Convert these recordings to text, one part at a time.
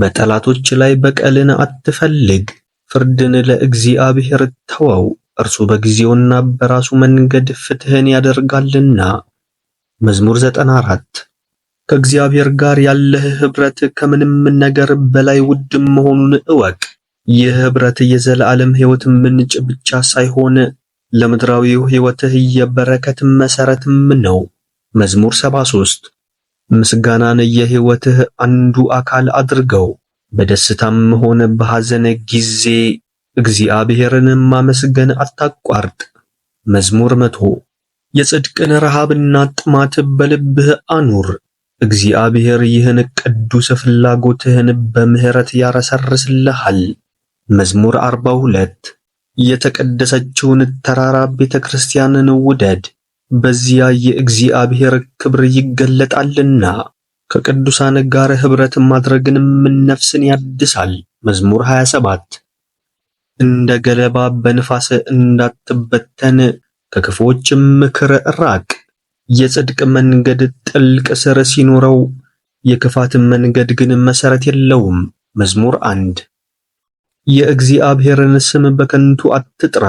በጠላቶች ላይ በቀልን አትፈልግ፣ ፍርድን ለእግዚአብሔር ተወው፤ እርሱ በጊዜውና በራሱ መንገድ ፍትህን ያደርጋልና። መዝሙር 94 ከእግዚአብሔር ጋር ያለህ ህብረት ከምንም ነገር በላይ ውድ መሆኑን እወቅ። ይህ ኅብረት የዘላለም ሕይወት ምንጭ ብቻ ሳይሆን ለምድራዊው ሕይወትህ የበረከት መሰረትም ነው። መዝሙር 73 ምስጋናን የሕይወትህ አንዱ አካል አድርገው። በደስታም ሆነ በሐዘን ጊዜ እግዚአብሔርን ማመስገን አታቋርጥ። መዝሙር መቶ የጽድቅን ረሃብና ጥማት በልብህ አኑር። እግዚአብሔር ይህን ቅዱስ ፍላጎትህን በምሕረት ያረሰርስልሃል። መዝሙር 42 የተቀደሰችውን ተራራ ቤተ ክርስቲያንን ውደድ። በዚያ የእግዚአብሔር ክብር ይገለጣልና ከቅዱሳን ጋር ኅብረት ማድረግንም ነፍስን ያድሳል። መዝሙር 27 እንደ ገለባ በንፋስ እንዳትበተን ከክፎች ምክር ራቅ። የጽድቅ መንገድ ጥልቅ ስር ሲኖረው የክፋት መንገድ ግን መሰረት የለውም። መዝሙር አንድ የእግዚአብሔርን ስም በከንቱ አትጥራ፣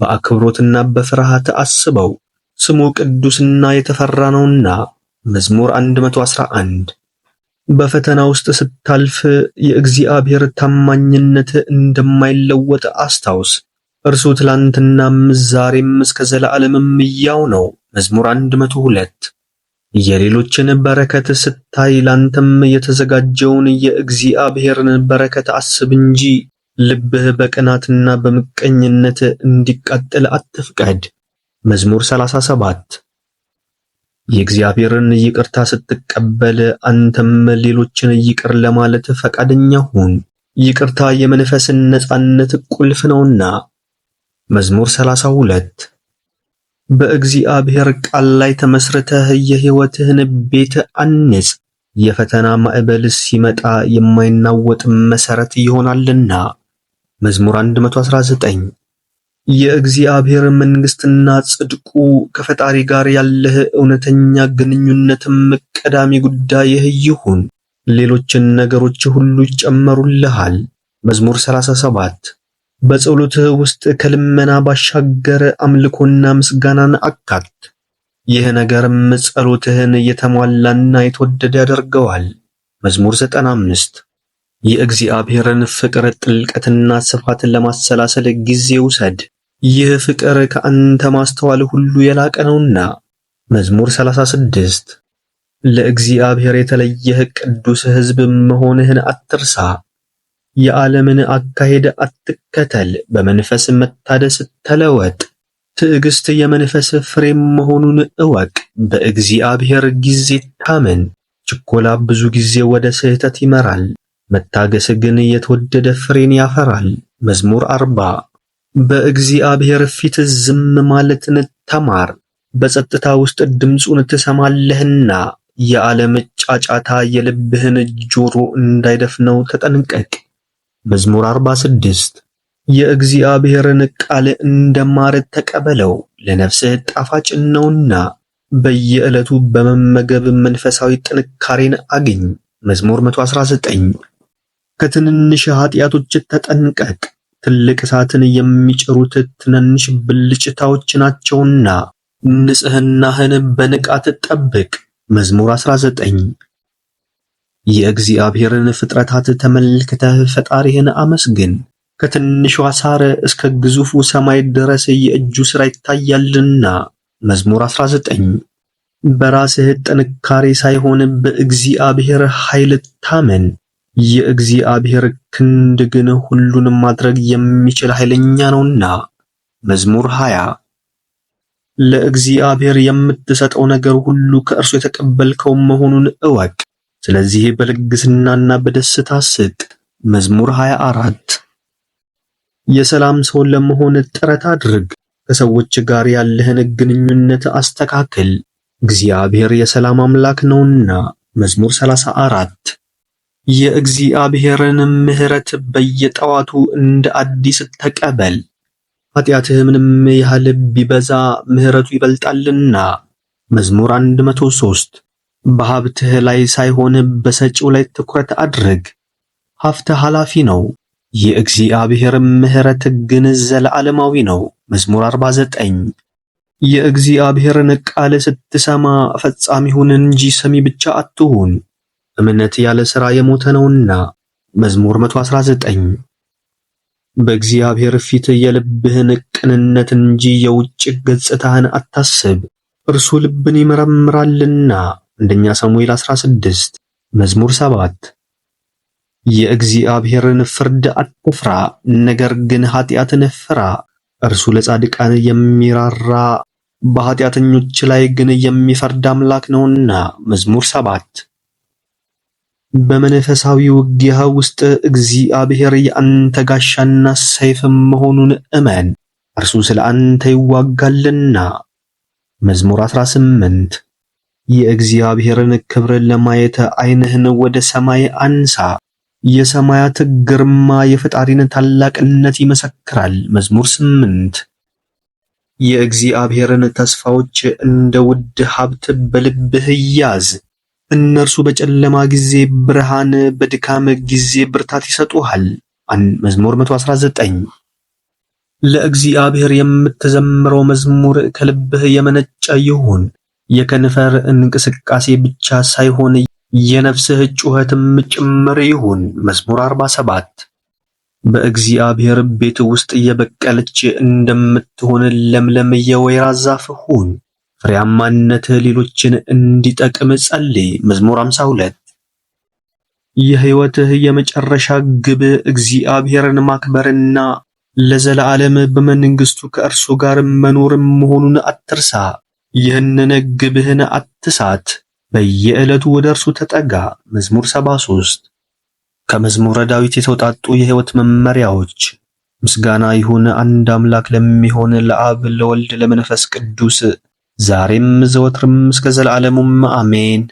በአክብሮትና በፍርሃት አስበው ስሙ ቅዱስና የተፈራ ነውና። መዝሙር 111 በፈተና ውስጥ ስታልፍ የእግዚአብሔር ታማኝነት እንደማይለወጥ አስታውስ። እርሱ ትላንትናም ዛሬም እስከ ዘላለምም ሕያው ነው። መዝሙር 102 የሌሎችን በረከት ስታይ ላንተም የተዘጋጀውን የእግዚአብሔርን በረከት አስብ እንጂ ልብህ በቅናትና በምቀኝነት እንዲቃጠል አትፍቀድ። መዝሙር 37 የእግዚአብሔርን ይቅርታ ስትቀበል አንተም ሌሎችን ይቅር ለማለት ፈቃደኛ ሁን። ይቅርታ የመንፈስን ነጻነት ቁልፍ ነውና። መዝሙር 32 በእግዚአብሔር ቃል ላይ ተመስርተህ የሕይወትህን ቤት አንጽ፣ የፈተና ማዕበል ሲመጣ የማይናወጥ መሰረት ይሆናልና። መዝሙር 119 የእግዚአብሔር መንግስትና ጽድቁ ከፈጣሪ ጋር ያለህ እውነተኛ ግንኙነትም ቀዳሚ ጉዳይህ ይሁን። ሌሎችን ነገሮች ሁሉ ይጨመሩልሃል። መዝሙር 37 በጸሎትህ ውስጥ ከልመና ባሻገር አምልኮና ምስጋናን አካት። ይህ ነገርም ጸሎትህን የተሟላና የተወደደ ያደርገዋል። መዝሙር 95 የእግዚአብሔርን ፍቅር ጥልቀትና ስፋትን ለማሰላሰል ጊዜ ውሰድ። ይህ ፍቅር ከአንተ ማስተዋል ሁሉ የላቀ ነውና። መዝሙር 36 ለእግዚአብሔር የተለየህ ቅዱስ ሕዝብ መሆንህን አትርሳ። የዓለምን አካሄድ አትከተል፣ በመንፈስ መታደስ ተለወጥ። ትዕግስት የመንፈስ ፍሬም መሆኑን እወቅ። በእግዚአብሔር ጊዜ ታመን። ችኮላ ብዙ ጊዜ ወደ ስህተት ይመራል፣ መታገስ ግን የተወደደ ፍሬን ያፈራል። መዝሙር 40 በእግዚአብሔር ፊት ዝም ማለትን ተማር፤ በጸጥታ ውስጥ ድምፁን ትሰማለህና። የዓለም ጫጫታ የልብህን ጆሮ እንዳይደፍነው ተጠንቀቅ። መዝሙር 46 የእግዚአብሔርን ቃል እንደማር ተቀበለው፣ ለነፍስህ ጣፋጭ ነውና። በየዕለቱ በመመገብ መንፈሳዊ ጥንካሬን አግኝ። መዝሙር 119 ከትንንሽ ኃጢአቶች ተጠንቀቅ ትልቅ እሳትን የሚጭሩት ትናንሽ ብልጭታዎች ናቸውና ንጽህናህን በንቃት ጠብቅ። መዝሙር 19 የእግዚአብሔርን ፍጥረታት ተመልክተህ ፈጣሪህን አመስግን። ከትንሿ ሳር እስከ ግዙፉ ሰማይ ድረስ የእጁ ሥራ ይታያልና። መዝሙር 19 በራስህ ጥንካሬ ሳይሆን በእግዚአብሔር ኃይል ታመን። የእግዚአብሔር ክንድ ግን ሁሉንም ማድረግ የሚችል ኃይለኛ ነውና። መዝሙር ሃያ ለእግዚአብሔር የምትሰጠው ነገር ሁሉ ከእርሱ የተቀበልከው መሆኑን እወቅ። ስለዚህ በልግስናና በደስታ ስጥ። መዝሙር 24 የሰላም ሰው ለመሆን ጥረት አድርግ። ከሰዎች ጋር ያለህን ግንኙነት አስተካክል። እግዚአብሔር የሰላም አምላክ ነውና። መዝሙር 34 የእግዚአብሔርንም ምሕረት በየጠዋቱ እንደ አዲስ ተቀበል፤ ኃጢአትህ ምንም ያህል ቢበዛ ምሕረቱ ይበልጣልና። መዝሙር 103 በሀብትህ ላይ ሳይሆን በሰጪው ላይ ትኩረት አድርግ፤ ሀፍተ ኃላፊ ነው፣ የእግዚአብሔር ምሕረት ግን ዘላለማዊ ነው። መዝሙር 49 የእግዚአብሔርን ቃል ስትሰማ ፈጻሚ ሁን እንጂ ሰሚ ብቻ አትሁን። እምነት ያለ ሥራ የሞተ ነውና። መዝሙር 119 በእግዚአብሔር ፊት የልብህን ቅንነት እንጂ የውጭ ገጽታህን አታስብ፣ እርሱ ልብን ይመረምራልና። አንደኛ ሳሙኤል 16 መዝሙር 7 የእግዚአብሔርን ፍርድ አትፍራ፣ ነገር ግን ኃጢአትን ፍራ። እርሱ ለጻድቃን የሚራራ በኃጢአተኞች ላይ ግን የሚፈርድ አምላክ ነውና። መዝሙር ሰባት በመንፈሳዊ ውጊያ ውስጥ እግዚአብሔር የአንተ ጋሻና ሰይፍ መሆኑን እመን፣ እርሱ ስለ አንተ ይዋጋልና። መዝሙር 18 የእግዚአብሔርን ክብር ለማየት ዓይንህን ወደ ሰማይ አንሳ። የሰማያት ግርማ የፈጣሪን ታላቅነት ይመሰክራል። መዝሙር 8 የእግዚአብሔርን ተስፋዎች እንደ ውድ ሀብት በልብህ ያዝ። እነርሱ በጨለማ ጊዜ ብርሃን፣ በድካም ጊዜ ብርታት ይሰጡሃል። መዝሙር 119 ለእግዚአብሔር የምትዘምረው መዝሙር ከልብህ የመነጨ ይሁን። የከንፈር እንቅስቃሴ ብቻ ሳይሆን የነፍስህ ጩኸትም ጭምር ይሁን። መዝሙር 47 በእግዚአብሔር ቤት ውስጥ የበቀለች እንደምትሆን ለምለም የወይራ ዛፍ ሁን። ፍሬያማነት ሌሎችን እንዲጠቅም ጸልይ። መዝሙር 52 የህይወትህ የመጨረሻ ግብ እግዚአብሔርን ማክበርና ለዘላለም በመንግስቱ ከእርሱ ጋር መኖር መሆኑን አትርሳ። ይህንን ግብህን አትሳት። በየዕለቱ ወደ እርሱ ተጠጋ። መዝሙር 73 ከመዝሙረ ዳዊት የተውጣጡ የህይወት መመሪያዎች። ምስጋና ይሁን አንድ አምላክ ለሚሆን ለአብ ለወልድ ለመንፈስ ቅዱስ ዛሬም ዘወትርም እስከ ዘላለሙም አሜን።